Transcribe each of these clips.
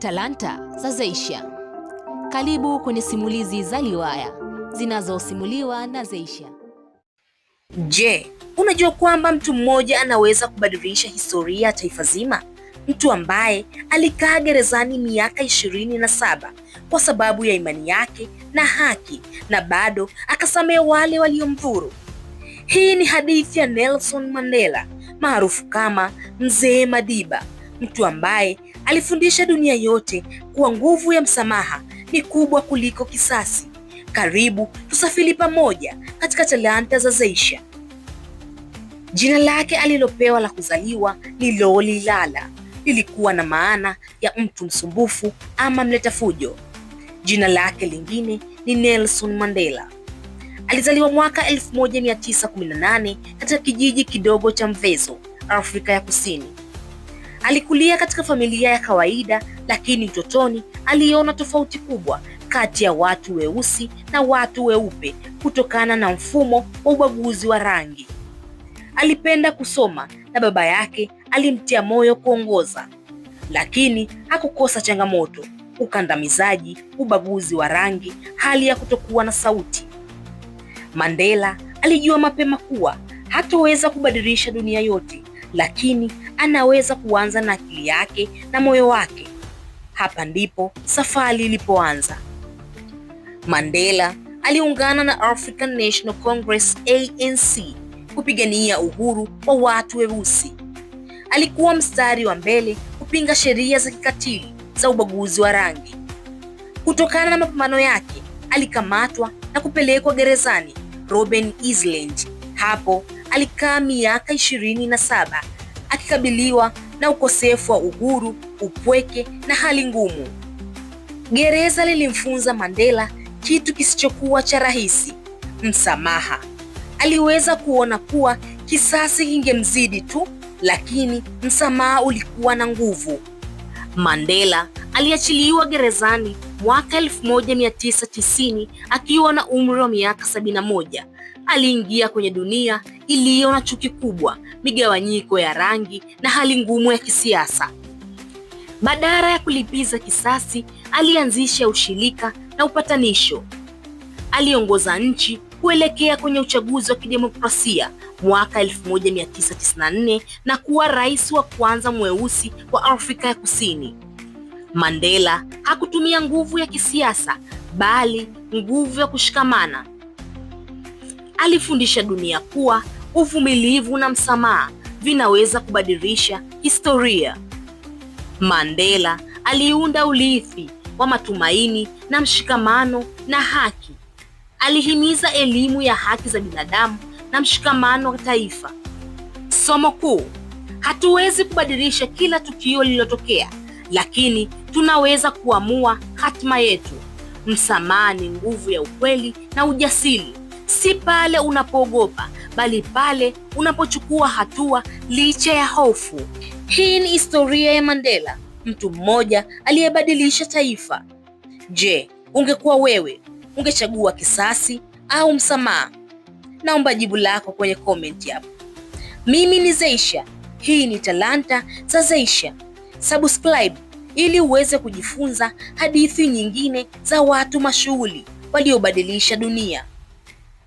Talanta za Zeysha. Karibu kwenye simulizi za riwaya zinazosimuliwa na Zeysha. Je, unajua kwamba mtu mmoja anaweza kubadilisha historia ya taifa zima? Mtu ambaye alikaa gerezani miaka ishirini na saba kwa sababu ya imani yake na haki na bado akasamea wale waliomdhuru. Hii ni hadithi ya Nelson Mandela maarufu kama Mzee Madiba, mtu ambaye Alifundisha dunia yote kuwa nguvu ya msamaha ni kubwa kuliko kisasi. Karibu tusafiri pamoja katika talanta za Zeysha. Jina lake alilopewa la kuzaliwa ni Loli Lala lilikuwa na maana ya mtu msumbufu ama mleta fujo. Jina lake lingine ni Nelson Mandela. Alizaliwa mwaka 1918 katika kijiji kidogo cha Mvezo, Afrika ya Kusini. Alikulia katika familia ya kawaida, lakini utotoni aliona tofauti kubwa kati ya watu weusi na watu weupe kutokana na mfumo wa ubaguzi wa rangi. Alipenda kusoma na baba yake alimtia moyo kuongoza, lakini hakukosa changamoto: ukandamizaji, ubaguzi wa rangi, hali ya kutokuwa na sauti. Mandela alijua mapema kuwa hatoweza kubadilisha dunia yote, lakini anaweza kuanza na akili yake na moyo wake. Hapa ndipo safari ilipoanza. Mandela aliungana na African National Congress ANC kupigania uhuru wa watu weusi. Alikuwa mstari wa mbele kupinga sheria za kikatili za ubaguzi wa rangi. Kutokana na mapambano yake, alikamatwa na kupelekwa gerezani Robben Island. Hapo alikaa miaka ishirini na saba akikabiliwa na ukosefu wa uhuru, upweke na hali ngumu. Gereza lilimfunza Mandela kitu kisichokuwa cha rahisi: msamaha. Aliweza kuona kuwa kisasi kingemzidi tu, lakini msamaha ulikuwa na nguvu. Mandela aliachiliwa gerezani Mwaka 1990 akiwa na umri wa miaka 71 aliingia kwenye dunia iliyo na chuki kubwa, migawanyiko ya rangi na hali ngumu ya kisiasa. Badala ya kulipiza kisasi, alianzisha ushirika na upatanisho. Aliongoza nchi kuelekea kwenye uchaguzi wa kidemokrasia mwaka 1994 na kuwa rais wa kwanza mweusi wa Afrika ya Kusini. Mandela hakutumia nguvu ya kisiasa bali nguvu ya kushikamana. Alifundisha dunia kuwa uvumilivu na msamaha vinaweza kubadilisha historia. Mandela aliunda urithi wa matumaini na mshikamano na haki. Alihimiza elimu ya haki za binadamu na mshikamano wa taifa. Somo kuu: hatuwezi kubadilisha kila tukio lililotokea, lakini tunaweza kuamua hatima yetu. Msamaha ni nguvu ya ukweli na ujasiri, si pale unapoogopa, bali pale unapochukua hatua licha ya hofu. Hii ni historia ya Mandela, mtu mmoja aliyebadilisha taifa. Je, ungekuwa wewe, ungechagua kisasi au msamaha? Naomba jibu lako kwenye komenti hapo. Mimi ni Zeysha, hii ni Talanta za Zeysha subscribe ili uweze kujifunza hadithi nyingine za watu mashuhuri waliobadilisha dunia.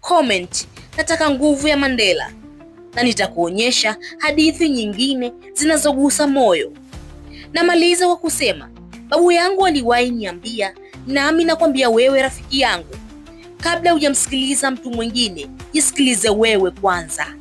Comment, nataka nguvu ya Mandela na nitakuonyesha hadithi nyingine zinazogusa moyo. Namaliza kwa kusema babu yangu aliwahi niambia, nami nakwambia wewe rafiki yangu, kabla hujamsikiliza mtu mwingine, jisikilize wewe kwanza.